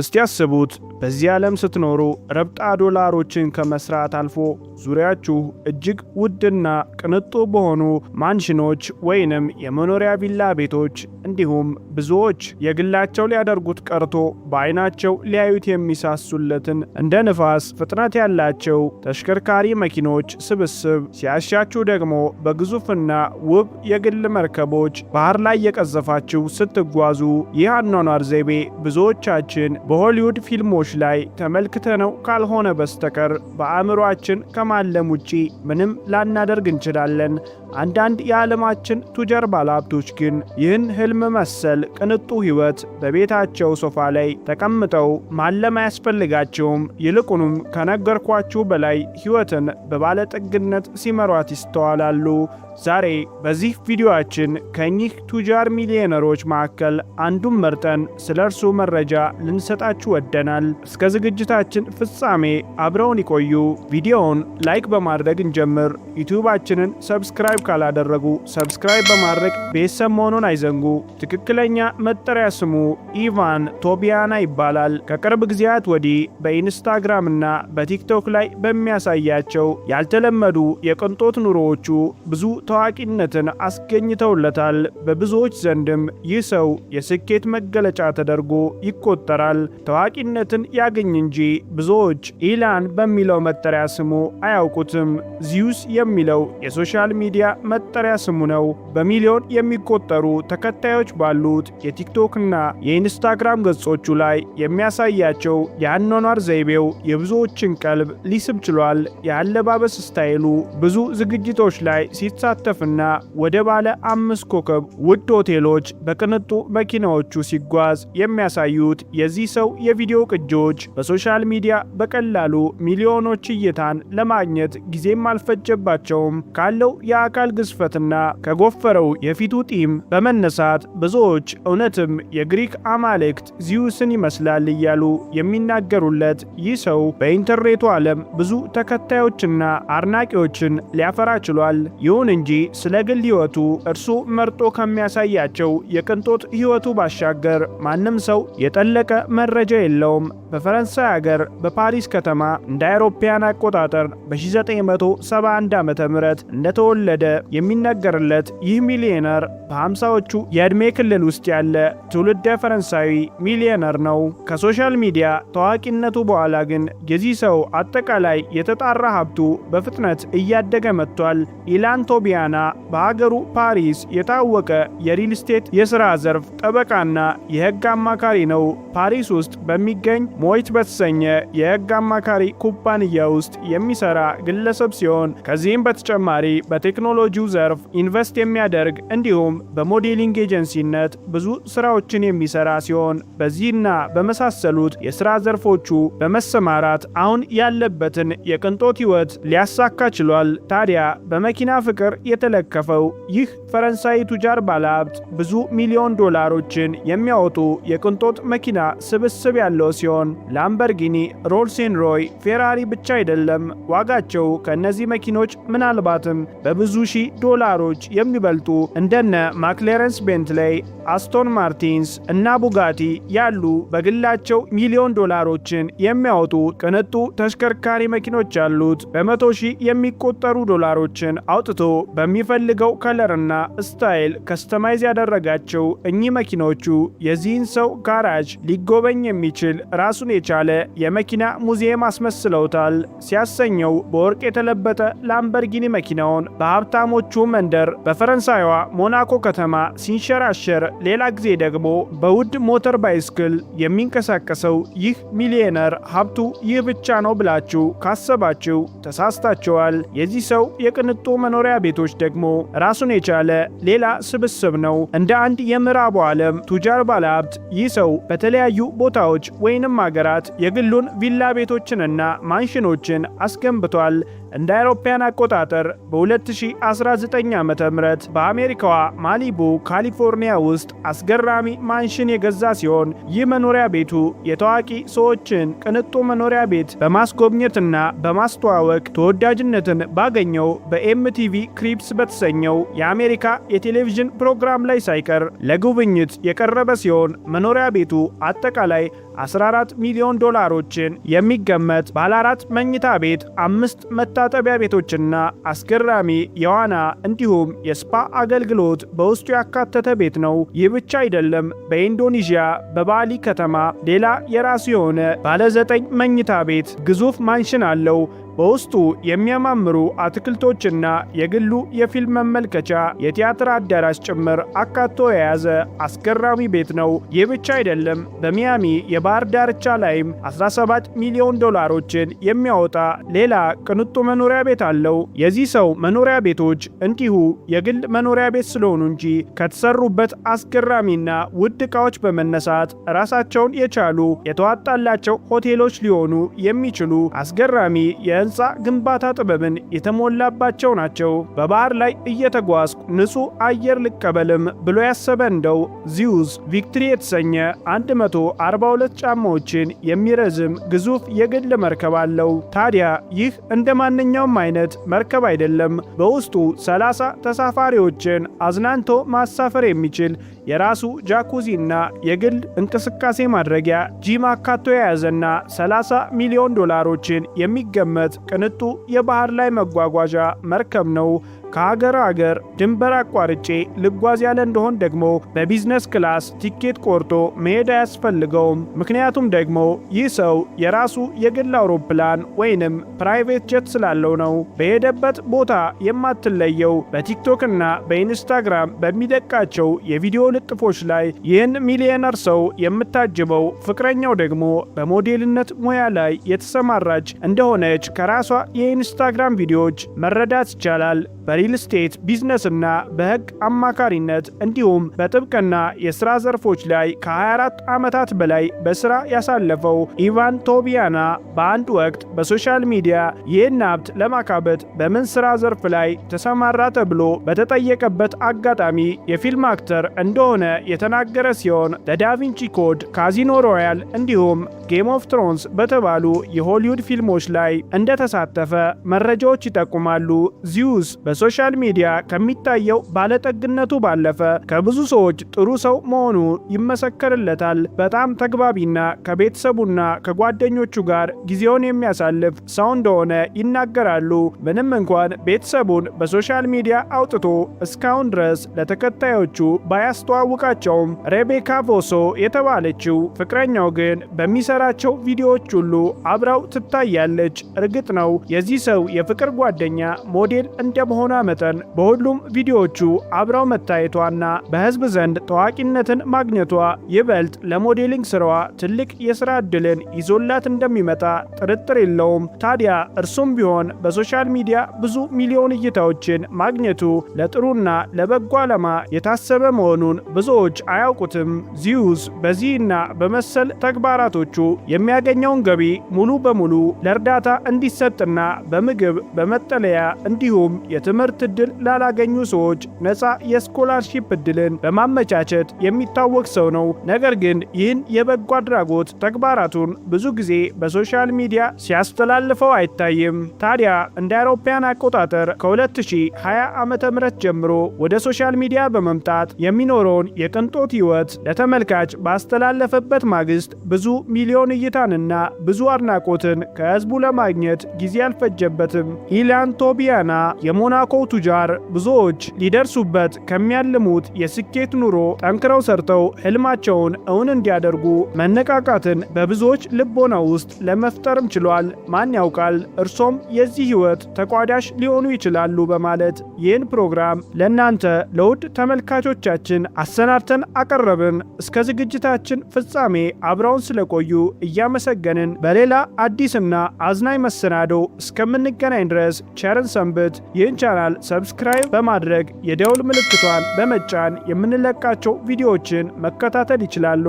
እስቲ አስቡት በዚህ ዓለም ስትኖሩ ረብጣ ዶላሮችን ከመስራት አልፎ ዙሪያችሁ እጅግ ውድና ቅንጡ በሆኑ ማንሽኖች ወይንም የመኖሪያ ቪላ ቤቶች እንዲሁም ብዙዎች የግላቸው ሊያደርጉት ቀርቶ በዓይናቸው ሊያዩት የሚሳሱለትን እንደ ንፋስ ፍጥነት ያላቸው ተሽከርካሪ መኪኖች ስብስብ ሲያሻችሁ ደግሞ በግዙፍና ውብ የግል መርከቦች ባህር ላይ የቀዘፋችሁ ስትጓዙ ይህ አኗኗር ዘይቤ ብዙዎቻችን በሆሊውድ ፊልሞች ላይ ተመልክተነው ካልሆነ በስተቀር በአእምሯችን ከማለም ውጪ ምንም ላናደርግ እንችላለን። አንዳንድ የዓለማችን ቱጀር ባለሀብቶች ግን ይህን ህልም መሰል ቅንጡ ህይወት በቤታቸው ሶፋ ላይ ተቀምጠው ማለም አያስፈልጋቸውም። ይልቁንም ከነገርኳችሁ በላይ ህይወትን በባለጠግነት ሲመሯት ይስተዋላሉ። ዛሬ በዚህ ቪዲዮአችን ከእኚህ ቱጃር ሚሊዮነሮች መካከል አንዱን መርጠን ስለ እርሱ መረጃ ልንሰጣችሁ ወደናል። እስከ ዝግጅታችን ፍጻሜ አብረውን ይቆዩ። ቪዲዮውን ላይክ በማድረግ እንጀምር። ዩቲዩባችንን ሰብስክራይብ ካላደረጉ ሰብስክራይብ በማድረግ ቤተሰብ መሆኑን አይዘንጉ። ትክክለኛ መጠሪያ ስሙ ኢቫን ቶቢያና ይባላል። ከቅርብ ጊዜያት ወዲህ በኢንስታግራምና በቲክቶክ ላይ በሚያሳያቸው ያልተለመዱ የቅንጦት ኑሮዎቹ ብዙ ታዋቂነትን አስገኝተውለታል። በብዙዎች ዘንድም ይህ ሰው የስኬት መገለጫ ተደርጎ ይቆጠራል። ታዋቂነትን ያገኝ እንጂ ብዙዎች ኢላን በሚለው መጠሪያ ስሙ አያውቁትም። ዚዩስ የሚለው የሶሻል ሚዲያ መጠሪያ ስሙ ነው። በሚሊዮን የሚቆጠሩ ተከታዮች ባሉት የቲክቶክና የኢንስታግራም ገጾቹ ላይ የሚያሳያቸው የአኗኗር ዘይቤው የብዙዎችን ቀልብ ሊስብ ችሏል። የአለባበስ ስታይሉ ብዙ ዝግጅቶች ላይ ሲሳ ሲሳተፍና ወደ ባለ አምስት ኮከብ ውድ ሆቴሎች በቅንጡ መኪናዎቹ ሲጓዝ የሚያሳዩት የዚህ ሰው የቪዲዮ ቅጂዎች በሶሻል ሚዲያ በቀላሉ ሚሊዮኖች እይታን ለማግኘት ጊዜም አልፈጀባቸውም። ካለው የአካል ግዝፈትና ከጎፈረው የፊቱ ጢም በመነሳት ብዙዎች እውነትም የግሪክ አማልክት ዚዩስን ይመስላል እያሉ የሚናገሩለት ይህ ሰው በኢንተርኔቱ ዓለም ብዙ ተከታዮችና አድናቂዎችን ሊያፈራ ችሏል። ይሁን እንጂ ስለ ግል ሕይወቱ እርሱ መርጦ ከሚያሳያቸው የቅንጦት ሕይወቱ ባሻገር ማንም ሰው የጠለቀ መረጃ የለውም። በፈረንሳይ አገር በፓሪስ ከተማ እንደ አውሮፓያን አቆጣጠር በ1971 ዓ ም እንደተወለደ የሚነገርለት ይህ ሚሊዮነር በሃምሳዎቹ የዕድሜ ክልል ውስጥ ያለ ትውልደ ፈረንሳዊ ሚሊዮነር ነው። ከሶሻል ሚዲያ ታዋቂነቱ በኋላ ግን የዚህ ሰው አጠቃላይ የተጣራ ሀብቱ በፍጥነት እያደገ መጥቷል። ኢላን ቶቢ በጣሊያና በሀገሩ ፓሪስ የታወቀ የሪል ስቴት የሥራ ዘርፍ ጠበቃና የሕግ አማካሪ ነው። ፓሪስ ውስጥ በሚገኝ ሞይት በተሰኘ የሕግ አማካሪ ኩባንያ ውስጥ የሚሠራ ግለሰብ ሲሆን ከዚህም በተጨማሪ በቴክኖሎጂው ዘርፍ ኢንቨስት የሚያደርግ እንዲሁም በሞዴሊንግ ኤጀንሲነት ብዙ ሥራዎችን የሚሠራ ሲሆን በዚህና በመሳሰሉት የሥራ ዘርፎቹ በመሰማራት አሁን ያለበትን የቅንጦት ሕይወት ሊያሳካ ችሏል። ታዲያ በመኪና ፍቅር የተለከፈው ይህ ፈረንሳይ ቱጃር ባለሀብት ብዙ ሚሊዮን ዶላሮችን የሚያወጡ የቅንጦት መኪና ስብስብ ያለው ሲሆን ላምበርጊኒ፣ ሮልሴን ሮይ፣ ፌራሪ ብቻ አይደለም። ዋጋቸው ከእነዚህ መኪኖች ምናልባትም በብዙ ሺህ ዶላሮች የሚበልጡ እንደነ ማክሌረንስ ቤንትሌይ፣ አስቶን ማርቲንስ እና ቡጋቲ ያሉ በግላቸው ሚሊዮን ዶላሮችን የሚያወጡ ቅንጡ ተሽከርካሪ መኪኖች አሉት። በመቶ ሺህ የሚቆጠሩ ዶላሮችን አውጥቶ በሚፈልገው ከለርና ስታይል ከስተማይዝ ያደረጋቸው እኚህ መኪናዎቹ የዚህን ሰው ጋራጅ ሊጎበኝ የሚችል ራሱን የቻለ የመኪና ሙዚየም አስመስለውታል ሲያሰኘው በወርቅ የተለበጠ ላምበርጊኒ መኪናውን በሀብታሞቹ መንደር በፈረንሳይዋ ሞናኮ ከተማ ሲንሸራሸር፣ ሌላ ጊዜ ደግሞ በውድ ሞተር ባይስክል የሚንቀሳቀሰው ይህ ሚሊዮነር ሀብቱ ይህ ብቻ ነው ብላችሁ ካሰባችሁ ተሳስታችኋል። የዚህ ሰው የቅንጡ መኖሪያ ቤቶ እምነቶች ደግሞ ራሱን የቻለ ሌላ ስብስብ ነው። እንደ አንድ የምዕራቡ ዓለም ቱጃር ባለሀብት ይህ ሰው በተለያዩ ቦታዎች ወይንም አገራት የግሉን ቪላ ቤቶችንና ማንሽኖችን አስገንብቷል። እንደ አውሮፓያን አቆጣጠር በ2019 ዓ.ም በአሜሪካዋ ማሊቡ ካሊፎርኒያ ውስጥ አስገራሚ ማንሽን የገዛ ሲሆን ይህ መኖሪያ ቤቱ የታዋቂ ሰዎችን ቅንጡ መኖሪያ ቤት በማስጎብኘትና በማስተዋወቅ ተወዳጅነትን ባገኘው በኤምቲቪ ክሪፕስ በተሰኘው የአሜሪካ የቴሌቪዥን ፕሮግራም ላይ ሳይቀር ለጉብኝት የቀረበ ሲሆን መኖሪያ ቤቱ አጠቃላይ 14 ሚሊዮን ዶላሮችን የሚገመት ባለ አራት መኝታ ቤት አምስት መታ መታጠቢያ ቤቶችና አስገራሚ የዋና እንዲሁም የስፓ አገልግሎት በውስጡ ያካተተ ቤት ነው። ይህ ብቻ አይደለም። በኢንዶኔዥያ በባሊ ከተማ ሌላ የራሱ የሆነ ባለ ዘጠኝ መኝታ ቤት ግዙፍ ማንሽን አለው። በውስጡ የሚያማምሩ አትክልቶችና የግሉ የፊልም መመልከቻ የቲያትር አዳራሽ ጭምር አካቶ የያዘ አስገራሚ ቤት ነው። ይህ ብቻ አይደለም። በሚያሚ የባህር ዳርቻ ላይም 17 ሚሊዮን ዶላሮችን የሚያወጣ ሌላ ቅንጡ መኖሪያ ቤት አለው። የዚህ ሰው መኖሪያ ቤቶች እንዲሁ የግል መኖሪያ ቤት ስለሆኑ እንጂ ከተሰሩበት አስገራሚና ውድ ዕቃዎች በመነሳት ራሳቸውን የቻሉ የተዋጣላቸው ሆቴሎች ሊሆኑ የሚችሉ አስገራሚ የ የሕንፃ ግንባታ ጥበብን የተሞላባቸው ናቸው። በባህር ላይ እየተጓዝኩ ንጹሕ አየር ልቀበልም ብሎ ያሰበ እንደው ዚዩስ ቪክትሪ የተሰኘ 142 ጫማዎችን የሚረዝም ግዙፍ የግል መርከብ አለው። ታዲያ ይህ እንደ ማንኛውም አይነት መርከብ አይደለም። በውስጡ 30 ተሳፋሪዎችን አዝናንቶ ማሳፈር የሚችል የራሱ ጃኩዚና የግል እንቅስቃሴ ማድረጊያ ጂም አካቶ የያዘና 30 ሚሊዮን ዶላሮችን የሚገመት ቅንጡ የባህር ላይ መጓጓዣ መርከብ ነው። ከሀገር አገር ድንበር አቋርጬ ልጓዝ ያለ እንደሆን ደግሞ በቢዝነስ ክላስ ቲኬት ቆርጦ መሄድ አያስፈልገውም። ምክንያቱም ደግሞ ይህ ሰው የራሱ የግል አውሮፕላን ወይንም ፕራይቬት ጀት ስላለው ነው። በሄደበት ቦታ የማትለየው በቲክቶክና በኢንስታግራም በሚደቃቸው የቪዲዮ ልጥፎች ላይ ይህን ሚሊዮነር ሰው የምታጅበው ፍቅረኛው ደግሞ በሞዴልነት ሙያ ላይ የተሰማራች እንደሆነች ከራሷ የኢንስታግራም ቪዲዮዎች መረዳት ይቻላል። በሪል ስቴት ቢዝነስና በህግ አማካሪነት እንዲሁም በጥብቅና የሥራ ዘርፎች ላይ ከ24 ዓመታት በላይ በሥራ ያሳለፈው ኢቫን ቶቢያና በአንድ ወቅት በሶሻል ሚዲያ ይህን ሀብት ለማካበት በምን ሥራ ዘርፍ ላይ ተሰማራ ተብሎ በተጠየቀበት አጋጣሚ የፊልም አክተር እንደሆነ የተናገረ ሲሆን ለዳቪንቺ ኮድ፣ ካዚኖ ሮያል እንዲሁም ጌም ኦፍ ትሮንስ በተባሉ የሆሊውድ ፊልሞች ላይ እንደተሳተፈ መረጃዎች ይጠቁማሉ። ዚዩስ በሶ በሶሻል ሚዲያ ከሚታየው ባለጠግነቱ ባለፈ ከብዙ ሰዎች ጥሩ ሰው መሆኑ ይመሰከርለታል። በጣም ተግባቢና ከቤተሰቡና ከጓደኞቹ ጋር ጊዜውን የሚያሳልፍ ሰው እንደሆነ ይናገራሉ። ምንም እንኳን ቤተሰቡን በሶሻል ሚዲያ አውጥቶ እስካሁን ድረስ ለተከታዮቹ ባያስተዋውቃቸውም ሬቤካ ፎሶ የተባለችው ፍቅረኛው ግን በሚሰራቸው ቪዲዮዎች ሁሉ አብራው ትታያለች። እርግጥ ነው የዚህ ሰው የፍቅር ጓደኛ ሞዴል እንደመሆኗ መጠን በሁሉም ቪዲዮዎቹ አብራው መታየቷና በህዝብ ዘንድ ታዋቂነትን ማግኘቷ ይበልጥ ለሞዴሊንግ ስራዋ ትልቅ የስራ ዕድልን ይዞላት እንደሚመጣ ጥርጥር የለውም። ታዲያ እርሱም ቢሆን በሶሻል ሚዲያ ብዙ ሚሊዮን እይታዎችን ማግኘቱ ለጥሩና ለበጎ ዓላማ የታሰበ መሆኑን ብዙዎች አያውቁትም። ዚዩስ በዚህና በመሰል ተግባራቶቹ የሚያገኘውን ገቢ ሙሉ በሙሉ ለእርዳታ እንዲሰጥና በምግብ በመጠለያ እንዲሁም የትምህርት የትምህርት ዕድል ላላገኙ ሰዎች ነፃ የስኮላርሺፕ ዕድልን በማመቻቸት የሚታወቅ ሰው ነው። ነገር ግን ይህን የበጎ አድራጎት ተግባራቱን ብዙ ጊዜ በሶሻል ሚዲያ ሲያስተላልፈው አይታይም። ታዲያ እንደ አውሮፓያን አቆጣጠር ከ2020 ዓ ም ጀምሮ ወደ ሶሻል ሚዲያ በመምጣት የሚኖረውን የቅንጦት ሕይወት ለተመልካች ባስተላለፈበት ማግስት ብዙ ሚሊዮን እይታንና ብዙ አድናቆትን ከህዝቡ ለማግኘት ጊዜ አልፈጀበትም። ኢላን ቶቢያና የሞናኮ የአምልኮው ቱጃር ብዙዎች ሊደርሱበት ከሚያልሙት የስኬት ኑሮ ጠንክረው ሰርተው ህልማቸውን እውን እንዲያደርጉ መነቃቃትን በብዙዎች ልቦና ውስጥ ለመፍጠርም ችሏል። ማን ያውቃል እርሶም የዚህ ህይወት ተቋዳሽ ሊሆኑ ይችላሉ በማለት ይህን ፕሮግራም ለእናንተ ለውድ ተመልካቾቻችን አሰናድተን አቀረብን። እስከ ዝግጅታችን ፍጻሜ አብረውን ስለቆዩ እያመሰገንን በሌላ አዲስና አዝናኝ መሰናዶ እስከምንገናኝ ድረስ ቸርን ሰንብት። ይህን ቻናል ቻናል ሰብስክራይብ በማድረግ የደውል ምልክቷን በመጫን የምንለቃቸው ቪዲዮዎችን መከታተል ይችላሉ።